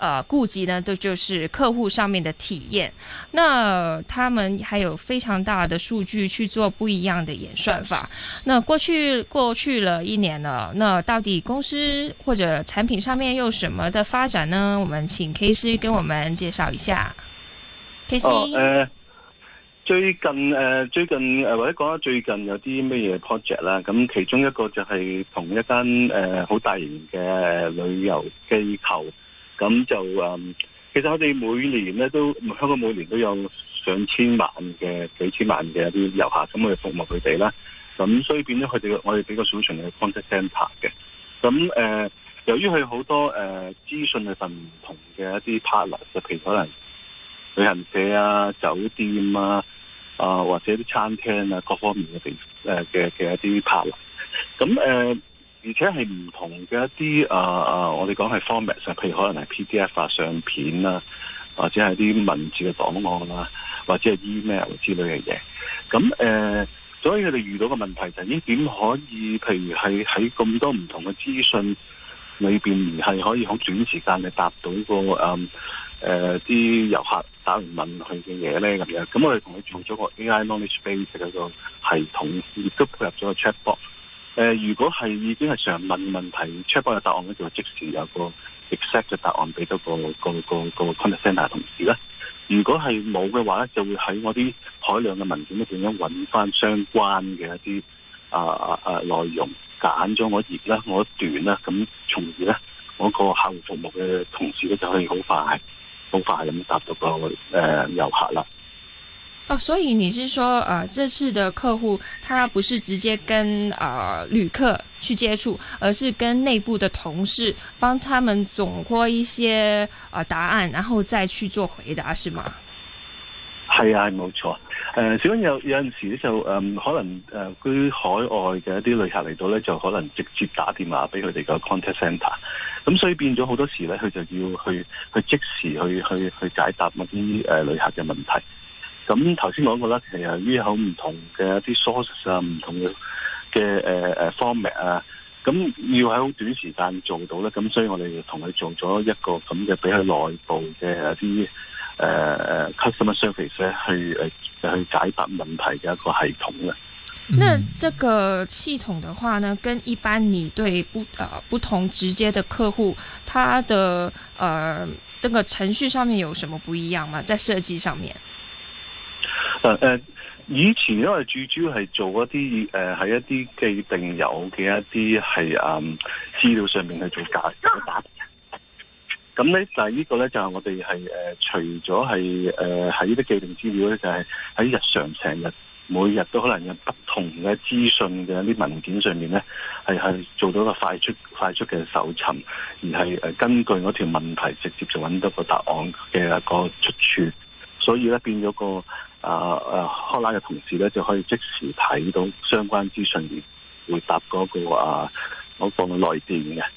呃，顧及呢，都就是客戶上面的體驗。那他們還有非常大的數據去做不一樣的演算法。那過去過去了一年了，那到底公司或者產品上面又什麼的發展呢？我們請 KC 跟我們介紹一下。KC，哦，呃，最近，呃，最近，呃，或者講最近有啲乜嘢 project 啦？咁其中一個就係同一間，呃，好大型嘅旅遊機構。咁就誒，其實我哋每年咧都香港每年都有上千萬嘅幾千萬嘅一啲遊客，咁去服務佢哋啦。咁所以變咗佢哋，我哋比較小型嘅 contact centre 嘅。咁誒、呃，由於佢好多誒、呃、資訊係份唔同嘅一啲 partner，就譬如可能旅行社啊、酒店啊、啊、呃、或者啲餐廳啊各方面嘅地嘅嘅一啲 partner。咁、呃、誒。而且係唔同嘅一啲啊啊，我哋講係 format，譬如可能係 PDF 啊、相片啊，或者係啲文字嘅檔案啦、啊，或者係 email 之類嘅嘢。咁誒、呃，所以佢哋遇到嘅問題就已經點可以，譬如係喺咁多唔同嘅資訊裏面，而係可以好短時間嘅答到個誒啲遊客打嚟問佢嘅嘢咧咁樣。咁我哋同佢做咗個 AI knowledge base 嗰個系統，亦都配合咗個 chatbot。誒、呃，如果係已經係常問問題 check 個答案咧，就即時有個 exact 嘅答案俾到個個個個 content 同事咧。如果係冇嘅話咧，就會喺我啲海量嘅文件咧，點樣揾翻相關嘅一啲、呃、啊啊內容，揀咗我一頁啦，我一段啦，咁從而咧我個客戶服務嘅同事咧，就可以好快好快咁答到個誒、呃、遊客啦。哦，所以你是說，呃，這次的客戶他不是直接跟呃旅客去接觸，而是跟內部的同事幫他們總括一些呃答案，然後再去做回答，是嗎？係啊，冇錯。誒、呃，所以有有陣時就，呃、可能誒、呃，居海外嘅一啲旅客嚟到咧，就可能直接打電話俾佢哋個 contact center，咁所以變咗好多時咧，佢就要去去即時去去去，去解答某啲誒旅客嘅問題。咁頭先講過啦，其實呢口唔同嘅一啲 sources 啊，唔同嘅嘅誒誒 format 啊，咁要喺好短時間做到咧，咁所以我哋同佢做咗一個咁嘅，俾佢內部嘅一啲誒誒 customer service 咧去誒、呃、去解答問題嘅一個系統嘅。那這個系統嘅話呢，跟一般你對不啊、呃、不同直接的客戶，他的誒，那、呃這個程序上面有什麼不一樣嗎？在設計上面？誒、呃、以前因為最主要係做一啲，誒、呃、喺一啲既定有嘅一啲係誒資料上面去做解解答嘅。咁咧，但係呢個咧就係、是、我哋係誒除咗係誒喺呢啲既定資料咧，就係、是、喺日常成日每日都可能有不同嘅資訊嘅一啲文件上面咧，係係做到一個快速快速嘅搜尋，而係誒、呃、根據嗰條問題直接就揾到個答案嘅一個出處。所以呢，變咗個啊啊開拉嘅同事呢，就可以即時睇到相關資訊，而回答嗰、嗰個我放個來電嘅。啊啊啊啊啊啊啊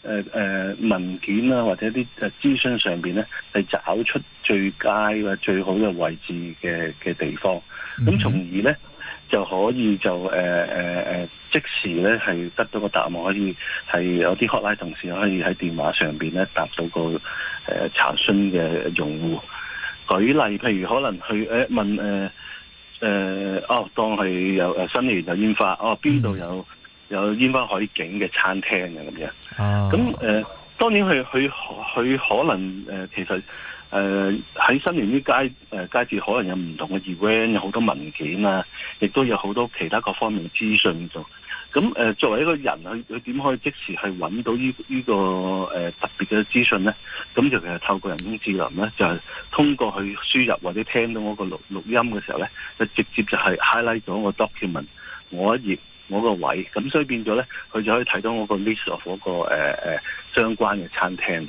誒、啊、誒、啊、文件啊，或者啲誒、啊、諮詢上面咧，係找出最佳或最好嘅位置嘅嘅地方，咁從而咧就可以就誒誒、啊啊啊、即時咧係得到個答案，可以係有啲 hotline 同事可以喺電話上面咧答到個誒、啊、查詢嘅用戶。舉例，譬如可能去誒、呃、問誒誒、呃呃、哦，當係有誒新年有煙花，哦邊度有？嗯有煙花海景嘅餐廳嘅咁樣，咁、啊、誒、呃，當然佢佢佢可能、呃、其實誒喺、呃、新年呢街、呃、街節，可能有唔同嘅 event，有好多文件啊，亦都有好多其他各方面資訊做咁誒、呃，作為一個人，佢佢點可以即時去揾到、這個這個呃、呢呢個特別嘅資訊咧？咁就其實透過人工智能咧，就係、是、通過去輸入或者聽到嗰個錄錄音嘅時候咧，就直接就係 highlight 咗我 document 我一頁。我個位，咁所以變咗咧，佢就可以睇到我個 list of 嗰個誒誒、呃呃、相關嘅餐廳。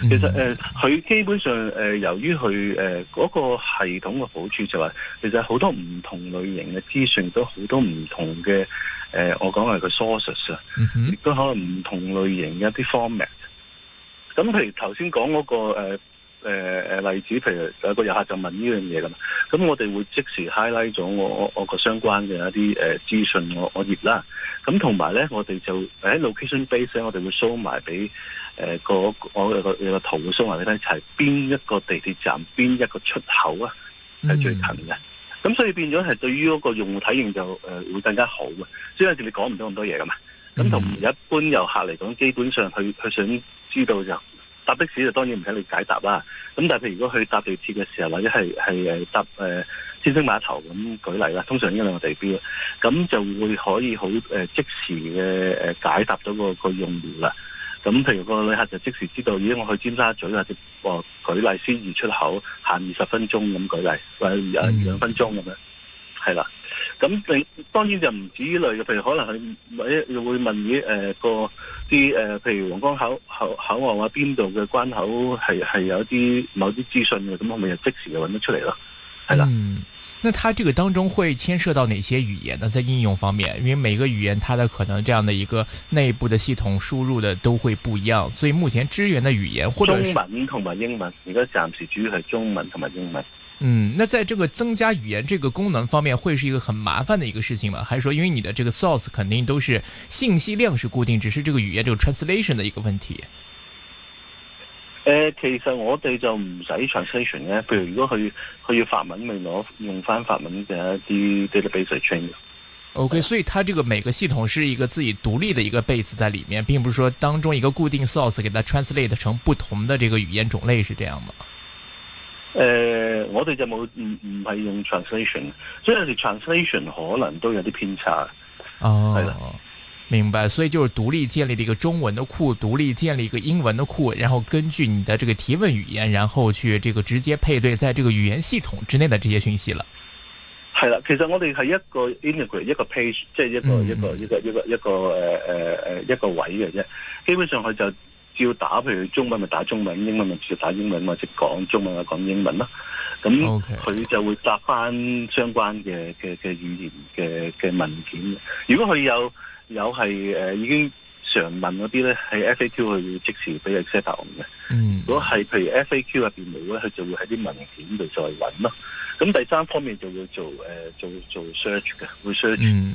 嗯、其實誒，佢、呃、基本上誒、呃，由於佢誒嗰個系統嘅好處就係、是，其實好多唔同類型嘅資訊都好多唔同嘅誒、呃，我講係個 sources 啊、嗯，亦都可能唔同類型嘅一啲 format。咁譬如頭先講嗰個誒。呃誒誒例子，譬如有個遊客就問呢樣嘢噶嘛。咁我哋會即時 highlight 咗我我我個相關嘅一啲、呃、資訊我我頁啦。咁同埋咧，我哋就喺 location base 咧、呃，我哋會 show 埋俾個我個圖 show 埋俾佢睇，係邊一個地鐵站，邊一個出口啊係最近嘅。咁、mm -hmm. 所以變咗係對於嗰個用戶體驗就、呃、會更加好嘅。只係有時你講唔到咁多嘢噶嘛。咁同一般遊客嚟講，基本上佢佢想知道就。搭的士就當然唔使你解答啦，咁但係譬如如果去搭地鐵嘅時候，或者係係誒搭誒天星碼頭咁舉例啦，通常呢兩個地標，咁就會可以好誒即時嘅誒解答到個個用戶啦。咁譬如個旅客就即時知道咦、哎，我去尖沙咀啊，即話舉例先二出口行二十分鐘咁舉例，或者兩兩分鐘咁樣，係啦。咁你當然就唔止呢類嘅，譬如可能佢又會問你誒個啲誒，譬如黃江口口口岸啊，邊度嘅關口係係有啲某啲資訊嘅，咁我咪即時就揾得出嚟咯，係啦。嗯，那它這個當中會牽涉到哪些語言呢？在應用方面，因為每個語言它的可能這樣的，一個內部的系統輸入的都會不一樣，所以目前支援的語言或者中文同埋英文，而家暫時主要係中文同埋英文。嗯，那在這個增加語言這個功能方面，會是一個很麻煩的一個事情嗎？還是說，因為你的這個 source 肯定都是信息量是固定，只是這個語言這個 translation 的一個問題？呃，其實我哋就唔使 translation 嘅，譬如如果佢佢要法文，咪攞用翻法文嘅一啲 database 去 train。OK，所以它這個每個系統是一個自己獨立的一個 base 在裏面，並不是說當中一個固定 source 給它 translate 成不同的這個語言種類是這樣嗎？誒、呃，我哋就冇唔唔係用 translation，所以有 translation 可能都有啲偏差。哦，係啦，明白。所以就是獨立建立一個中文的庫，獨立建立一個英文的庫，然後根據你的這個提問語言，然後去這個直接配對在這個語言系統之內的這些訊息了。係啦，其實我哋係一個 integrate 一個 page，即係一個、嗯、一個一個一個一個誒誒誒一個位嘅啫，基本上佢就。要打，譬如中文咪打中文，英文咪直接打英文，或者講中文咪講英文咯。咁佢、okay. 就會答翻相關嘅嘅嘅語言嘅嘅文件。如果佢有有係誒、呃、已經常問嗰啲咧，喺 FAQ 佢會即時俾一些答案嘅。如果係譬如 FAQ 入邊冇咧，佢就會喺啲文件度再揾咯。咁第三方面就會做誒、呃、做做 search 嘅，會 search、嗯。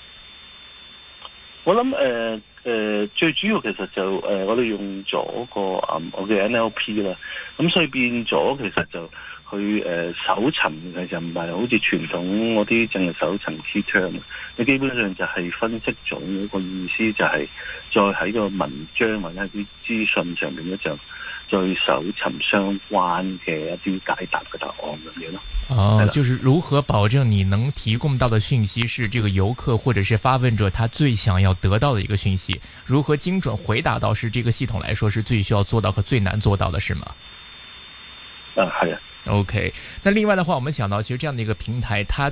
我諗誒誒，最主要其實就誒、呃，我哋用咗個誒、呃、我嘅 NLP 啦，咁所以變咗其實就去誒搜尋其實就唔係好似傳統嗰啲淨係搜尋 search 你基本上就係分析咗一個意思，就係再喺個文章或者啲資訊上面咧就。對搜尋相關嘅一啲解答嘅答案咁樣咯。哦，就是如何保證你能提供到嘅訊息是這個遊客或者是發問者他最想要得到嘅一個訊息？如何精準回答到是？這個系統來說是最需要做到和最難做到嘅，是嗎？嗯，係啊。OK，那另外的話，我們想到其實這樣的一個平台，它。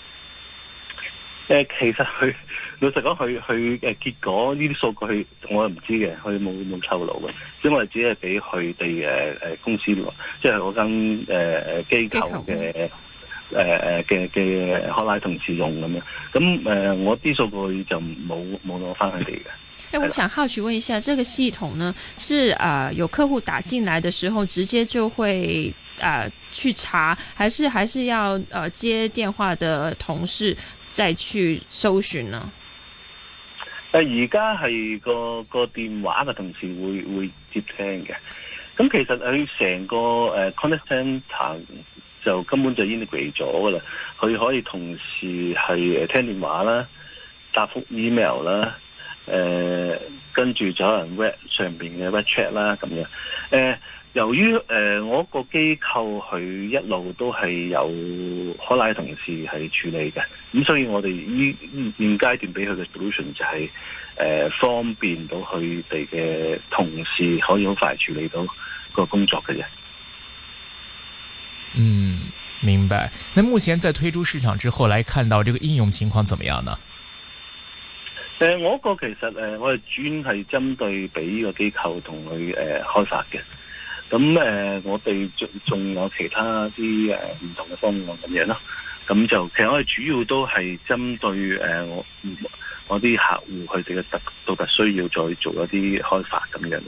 呃、其實佢老實講，佢佢誒結果呢啲數據佢，我唔知嘅，佢冇冇透露嘅，因為我哋只係俾佢哋誒公司，即係嗰間機構嘅誒誒嘅嘅同事用咁樣，咁、呃、我啲數據就冇冇攞翻佢哋嘅。我想好奇問一下，這個系統呢，是啊、呃，有客戶打進來的時候，直接就會啊、呃、去查，還是還是要、呃、接電話的同事？就係去搜尋啦。誒、呃，而家係個個電話嘅同事會會接聽嘅。咁其實佢成、呃、個誒、呃、contact center 就根本就 integrate 咗㗎喇。佢可以同時係、呃、聽電話啦、答覆 email 啦、誒、呃、跟住就可能 web 上邊嘅 web chat 啦咁樣誒。呃由於誒、呃，我個機構佢一路都係有可拉同事係處理嘅，咁、嗯、所以我哋呢現階段俾佢嘅 solution 就係、是、誒、呃、方便到佢哋嘅同事可以好快處理到個工作嘅啫。嗯，明白。那目前在推出市場之後，來看到這個應用情況怎麼樣呢？誒、呃，我個其實誒、呃，我係專係針對俾呢個機構同佢誒、呃、開發嘅。咁誒，我哋仲仲有其他啲誒唔同嘅方案咁樣咯。咁就其實我哋主要都係針對誒我啲客戶佢哋嘅特特需要，再做一啲開發咁樣嘅。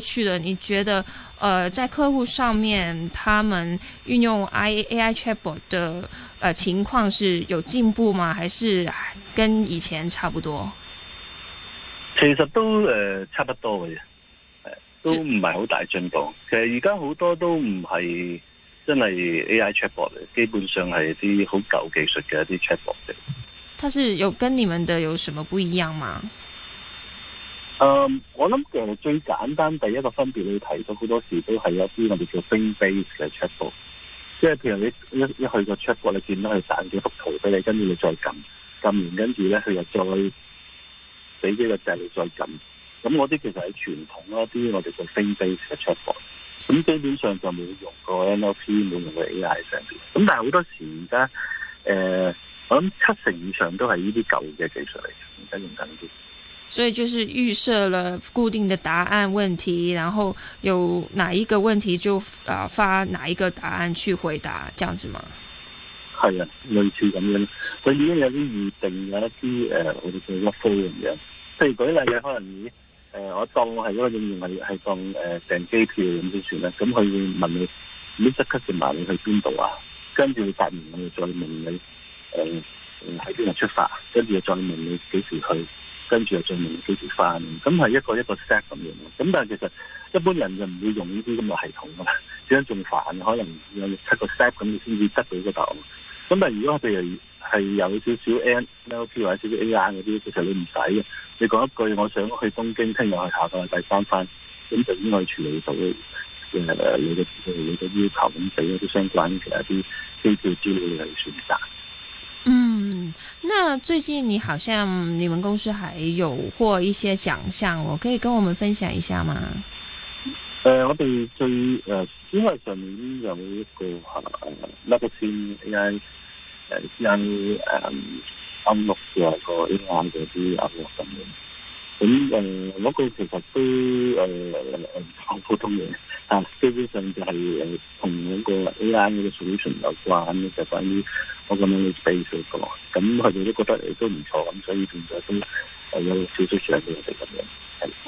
去你覺得、呃，在客戶上面，他們運用 AI chatbot 的、呃，情況是有進步嗎？還是跟以前差不多？其實都誒、呃、差不多嘅，誒都唔係好大進步。嗯、其實而家好多都唔係真係 AI chatbot，基本上係啲好舊技術嘅一啲 chatbot 嘅。但是有跟你們的有什麼不一樣嗎？誒、um,，我諗其實最簡單第一個分別，你提到好多時都係有啲我哋叫冰 base 嘅 chatbot 即係譬如你一一去個 chatbot 你見到佢散幾幅圖俾你，跟住你再撳撳完呢，跟住咧佢又再俾幾個掣你再撳。咁嗰啲其實係傳統一啲我哋叫冰 base 嘅 chatbot 咁基本上就冇用過 NLP，冇用過 AI 上邊。咁但係好多時而家誒，我諗七成以上都係呢啲舊嘅技術嚟，而家用緊啲。所以就是預設了固定的答案問題，然後有哪一個問題就啊發哪一個答案去回答，這樣子嘛？係啊，類似咁樣，佢已經有啲預定有一啲誒、呃，我哋叫 workflow 咁樣，譬如舉例嘅可能你，誒、呃，我當我係一個應用係係當誒訂機票咁先算啦，咁佢會問你，你即刻要埋你去邊度啊？跟住答完，我再問你，誒、呃，喺邊度出發？跟住再問你幾時去？跟住就再用少少翻，咁係一個一個 set 咁樣，咁但係其實一般人就唔會用呢啲咁嘅系統噶啦，點解仲煩？可能有七個 set 咁，你先至得到個答案。咁但係如果我哋係有少少 NLP 或者少少 AR 嗰啲，其實你唔使嘅。你講一句，我想去東京，聽日去下個禮拜翻翻，咁就應該處理到你嘅你嘅要求咁俾一啲相關其一啲機票資料嚟選擇。嗯，那最近你好像你們公司還有獲一些獎項，哦，可以跟我們分享一下嗎？誒、呃，我哋最誒，因為上面有一個吓、呃，那個先 AI，誒、呃，因誒暗六嘅個英眼嘅啲暗六咁樣。咁誒嗰其實都誒好、呃、普通嘅，但係 t 上就係同嗰個 AI 嗰個 solution 有玩嘅，就關於咁個嘅 basic 嘅。咁佢哋都覺得誒都唔錯，咁所以變咗都、呃、有少少 s 俾我哋咁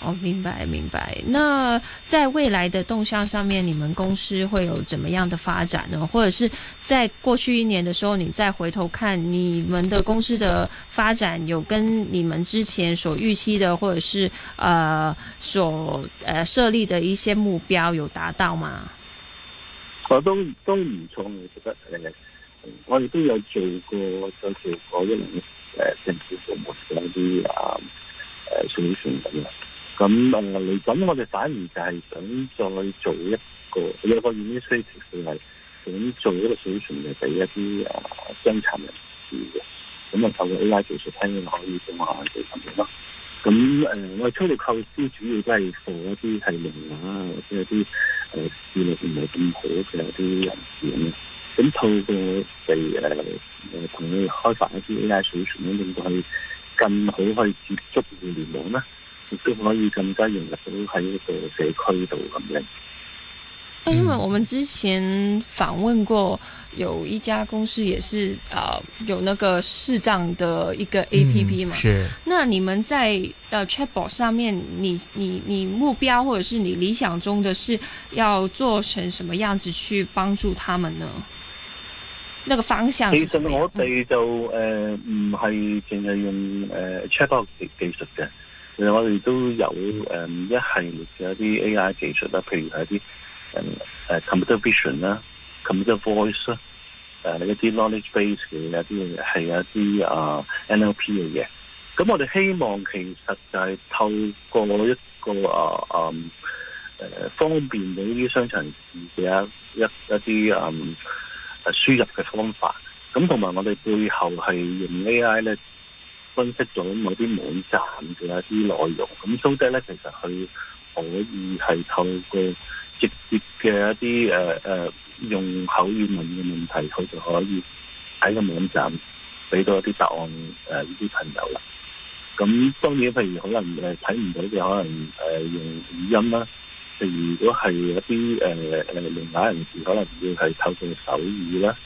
哦、oh，明白明白。那在未來的動向上面，你們公司會有怎麼樣的發展呢？或者是在過去一年的時候，你再回頭看你們的公司的發展，有跟你們之前所預期的，或者是呃所呃設立的一些目標有達到嗎？哦從嗯、我都都唔錯覺得我亦都有做過，就、嗯嗯嗯嗯、做嗰一啲誒電子商務嘅一啲啊。嗯嗯嗯嗯誒水船咁啦，咁誒嚟講，呃、我哋反而就係想再做一個，有個原因需要係想做一個水船嚟俾一啲誒傷殘人士嘅，咁啊透過 AI 技術聽，可以做下啲嘗試咯。咁、嗯、誒、呃，我哋初步構思主要都係做一啲係用畫或者係啲誒視力唔係咁好嘅一啲人士嘅，咁透過嘅誒誒，同、啊、啲開發一啲 AI 水船咁樣幫你，更好去接觸互聯網咧，亦都可以更加融入到喺個社區度咁樣。因為我們之前訪問過有一家公司，也是啊、呃、有那個視障的一個 A P P 嘛、嗯。是。那你們在、uh, chatbot 上面，你你你目標或者是你理想中的是要做成什麼樣子去幫助他們呢？那個、方向其實我哋就誒唔係淨係用誒 checkout 技技術嘅，其實我哋、呃呃 呃、都有誒、嗯、一系列嘅一啲 AI 技術啦，譬如係一啲誒、嗯啊、computer vision 啦，computer voice 啦、啊，誒一啲 knowledge base 嘅一啲係一啲啊 NLP 嘅嘢。咁我哋希望其實就係透過一個啊啊誒方便俾啲商場嘅一些一啲啊。一輸入嘅方法，咁同埋我哋背後係用 AI 咧分析咗某啲網站嘅一啲內容，咁都得咧。其實佢可以係透過直接嘅一啲誒誒用口語問嘅問題，佢就可以喺個網站俾到一啲答案誒，呢、呃、啲朋友啦。咁當然，譬如可能你睇唔到嘅，可能誒、呃、用語音啦。如果係一啲誒誒聾啞人士，可能要係透過手語啦，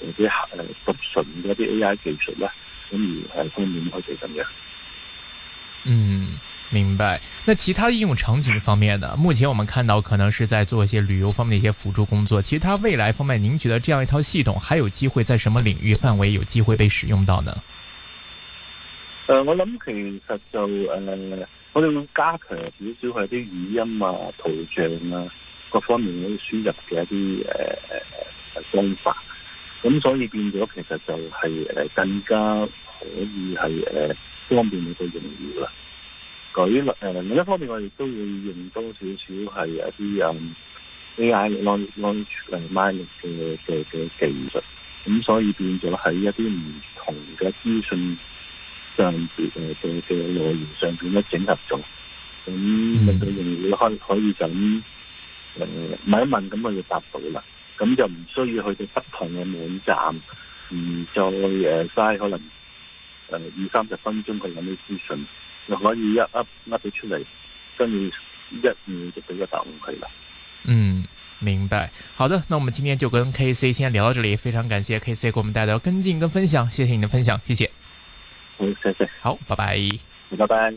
或者合讀唇嘅一啲 AI 技術啦，咁而係方便佢哋咁樣。嗯，明白。那其他應用場景方面呢？目前我們看到可能是在做一些旅遊方面嘅一些輔助工作。其他未來方面，您覺得這樣一套系統還有機會在什麼領域範圍有機會被使用到呢？誒、呃，我諗其實就誒。呃我哋會加強少少係啲語音啊、圖像啊各方面嗰啲輸入嘅一啲誒誒誒方法，咁所以變咗其實就係誒更加可以係誒方便你嘅用語啦。舉誒、呃，另一方面我哋都會用多少少係一啲誒 A I 安安全嘅嘅嘅技術，咁所以變咗係一啲唔同嘅資訊。上嘅嘅嘅來源上邊一整合咗，咁令到用，佢可可以咁誒問一問，咁我就答到啦。咁就唔需要去到不同嘅網站，唔再嘥可能二三十分鐘去揾啲資訊，就可以一噏噏到出嚟，跟住一五就俾個答案佢啦。嗯，明白。好的，那我們今天就跟 KC 先聊到這裏，非常感謝 KC 給我們帶來跟進跟分享，謝謝你的分享，謝謝。謝謝好、嗯，謝謝，好，拜拜，拜拜。